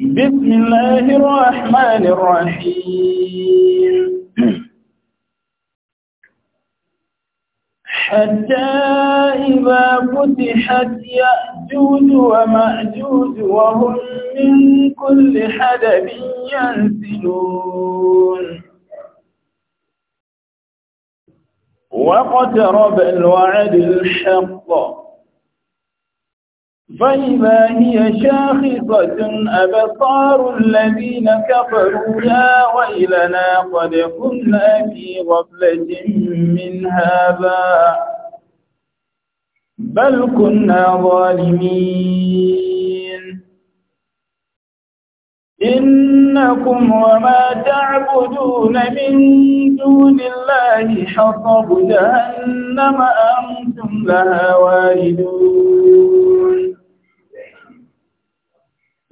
بسم الله الرحمن الرحيم حتى إذا فتحت يأجوج ومأجوج وهم من كل حدب ينسلون واقترب الوعد الحق فإذا هي شاخصة أبصار الذين كفروا يا ويلنا قد كنا في غفلة من هذا بل كنا ظالمين إنكم وما تعبدون من دون الله حصب جهنم أنتم لها واردون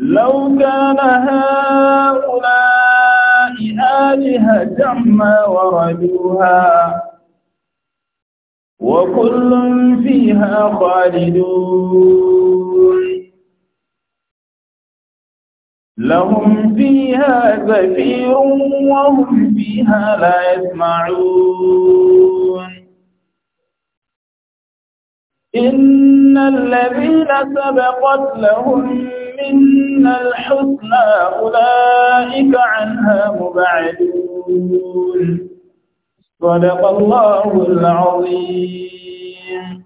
لو كان هؤلاء آلهة ما وردوها وكل فيها خالدون لهم فيها زفير وهم فيها لا يسمعون إن الذين سبقت لهم إن الحسنى أولئك عنها مبعدون صدق الله العظيم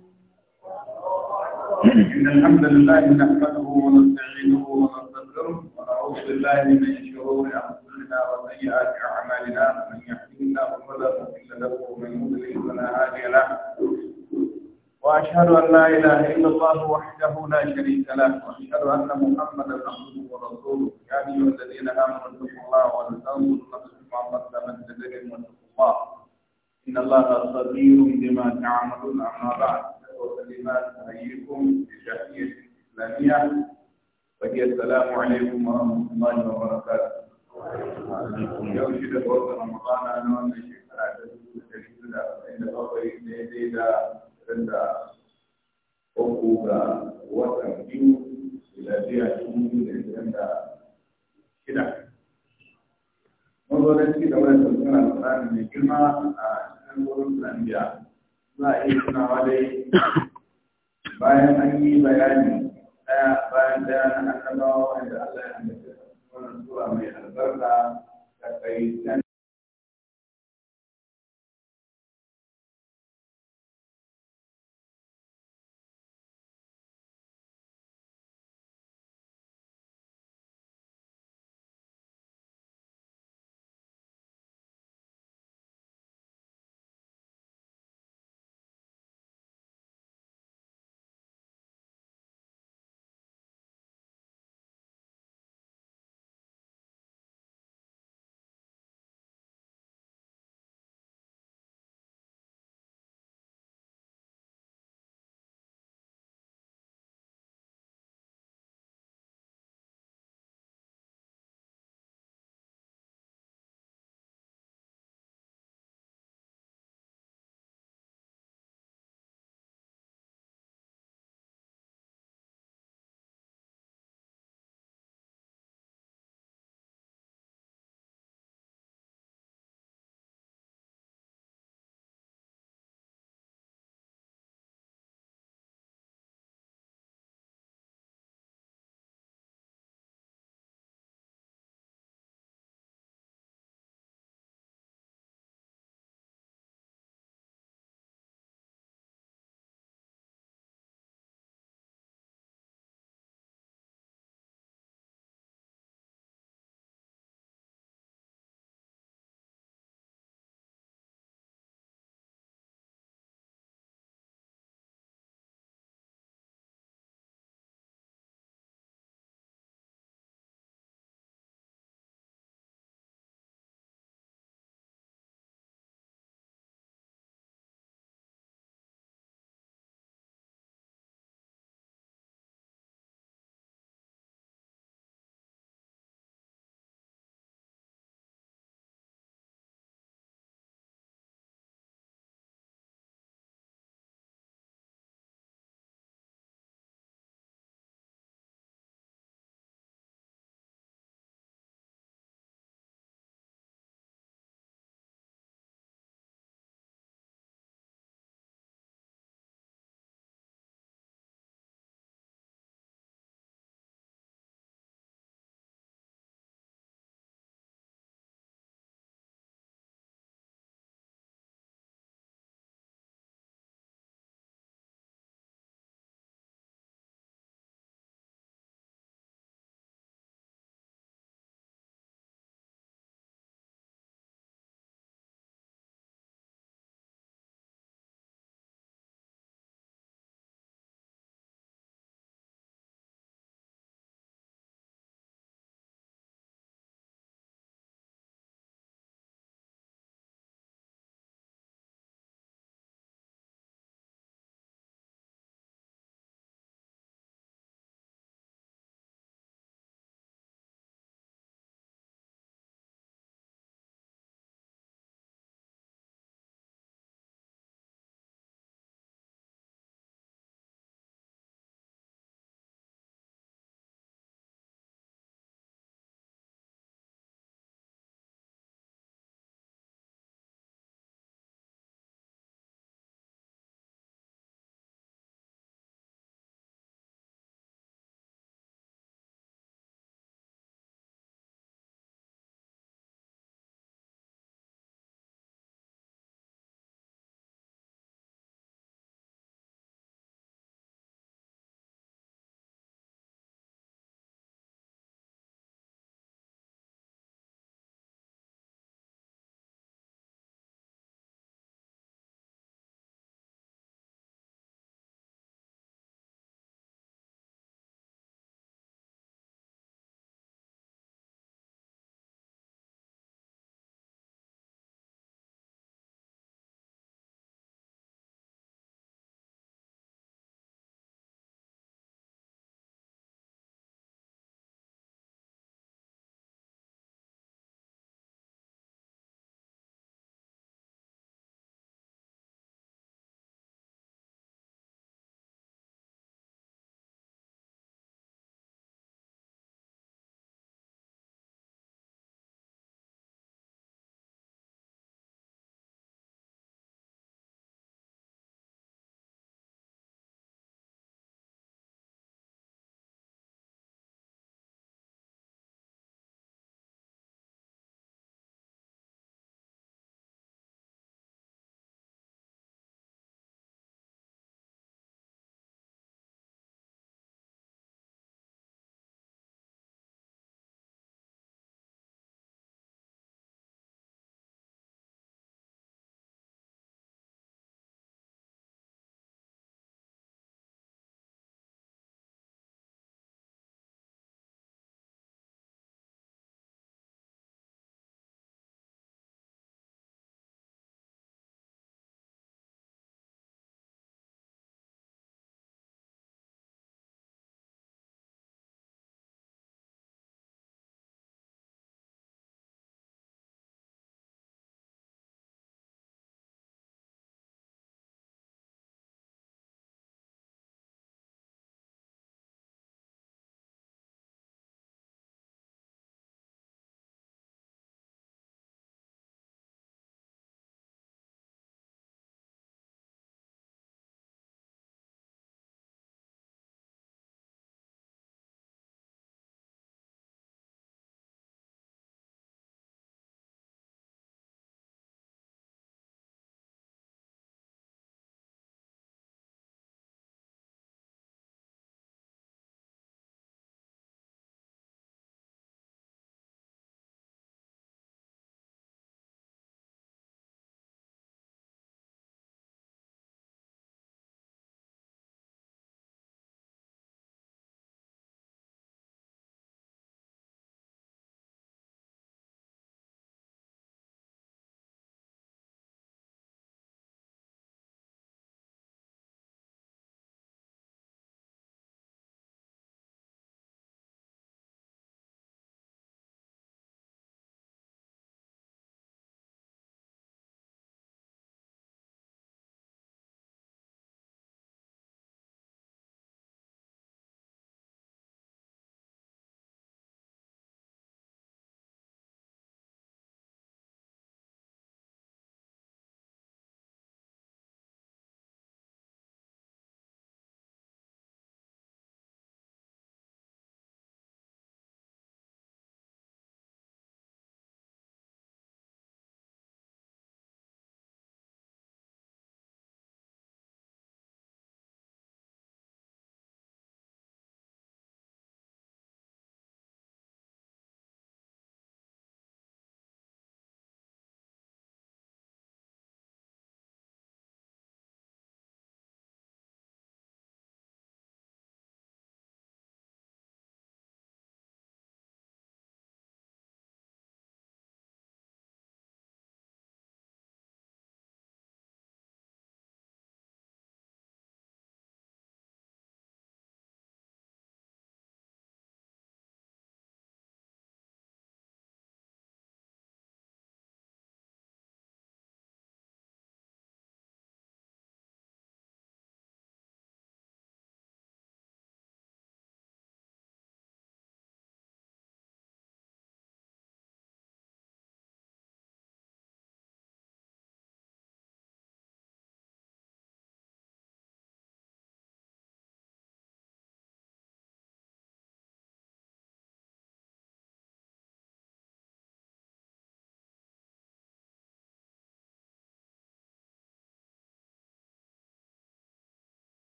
إن الحمد لله نحمده ونستعينه ونستغفره ونعوذ بالله من شرور أنفسنا وسيئات أعمالنا وأشهد أن لا إله إلا الله وحده لا شريك له وأشهد أن محمدا عبده ورسوله يا أيها الذين آمنوا اتقوا الله ولتنظر نفس ما قدمت من واتقوا الله إن الله خبير بما تعملون أما بعد وكلمات أحييكم بتحية إسلامية وهي السلام عليكم ورحمة الله وبركاته yau shi رمضان أن ramadana na wannan أن ta dubu da ashirin da uku ga watan biyu miladiya dubu biyu da ashirin da shida. da ci gaba da mai girma a cikin wurin Zambia. Za a iya tunawa dai bayan an yi bayani ɗaya bayan ɗaya na annabawa wanda Allah ya amince wannan sura mai albarka da kai